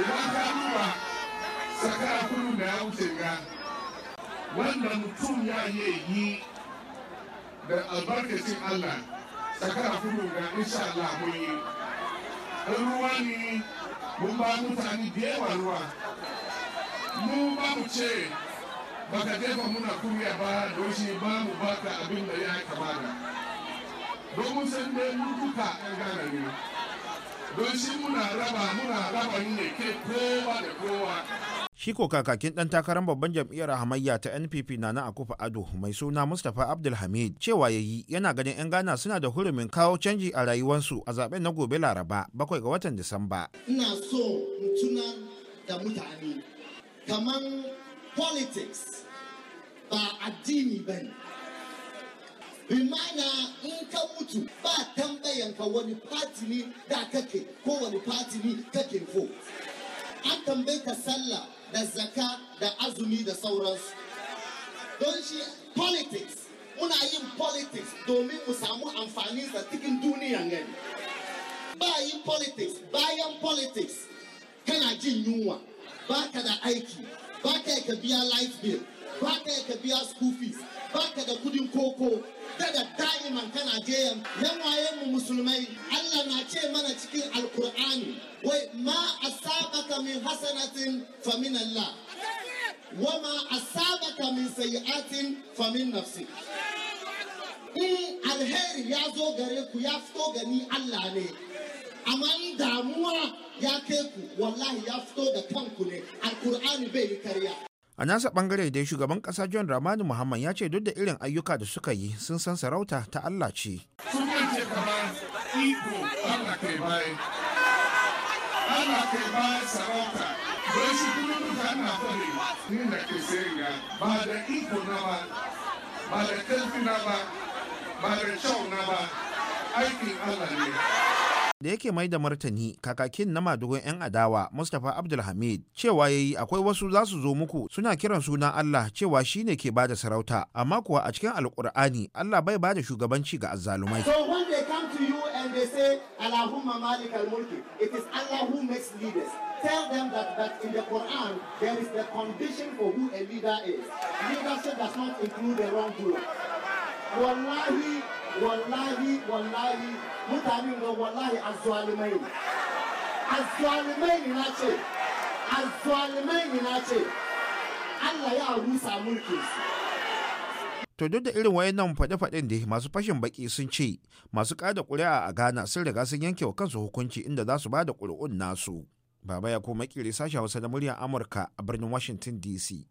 idan ka duba sakara kudu da ya wuce ga wanda mutum ya yi yi da albarkacin allah sakara kudu ga insha allah mun yi ruwa ne mun ba mutane da yawa ruwa mu ba mu ce baka jefa muna kuriya ba don shi ba mu baka abin da ya kamata domin san dai mun 'yan gane ne don muna raba muna raba ne ke kowa da kowa shi ko kakakin ɗan takarar babban jam'iyyar hamayya ta npp na na akufa ado mai suna mustapha abdulhamid cewa ya yi yana ganin 'yan ghana suna da hurumin kawo canji a rayuwarsu a zaɓen na gobe laraba bakwai ga watan disamba ina so mutuna da mutane kaman politics ba addini ba ne bi mana in ka mutu ba tambayan ka wani ne da kake ko wani ne kake ko an tambaye ka sallah da zaka da azumi da sauransu don shi politics muna yin politics domin mu samu amfani da cikin duniya gani ba yin politics bayan politics kana jin yunwa ba ka da aiki ba ka ka biya light bill ba ka ka biya school fees ba ka da kudin koko daga da'iman kana jeyan yan waye mu musulmai Allah na ce mana cikin alkur'ani wai ma asabaka min hasanatin fa min Allah wa ma asabaka min sayi'atin fa min nafsi in alheri ya zo gare ku ya fito gani Allah ne amma in damuwa ya kai ku wallahi ya fito da kanku ne alkur'ani bai yi karya a nasa bangare dai shugaban kasa john ramani muhammad ya ce duk da irin ayyuka da suka yi sun san sarauta ta allah ce Allah ke sarauta na ni ke ba da iko na ba ba da ƙarfi na ba ba da kyau na ba aikin Allah ne. da yake mai da martani kakakin na madugun 'yan adawa mustapha abdulhamid cewa ya yi akwai wasu za su zo muku suna kiran sunan allah cewa shi ne ke bada sarauta amma kuwa a cikin alkur'ani allah bai bada shugabanci ga azzalumai so when they come to you and they say allahumma malik mulki it is allah who makes leaders tell them that, that in the quran there is the condition for who a leader is leadership does not include the wrongdoer wallahi wallahi wallahi mutanen ga wallahi azzalimai ne azzalimai ne na ce azzalimai ne na ce Allah ya rusa mulkin su to duk da irin wayannan faɗe-faɗen da masu fashin baki sun ce masu kada ƙuri'a a ghana sun riga sun yanke wa kansu hukunci inda za su ba da ƙuri'un nasu baba ya kuma kiri sashen hausa na muryar amurka a birnin washington dc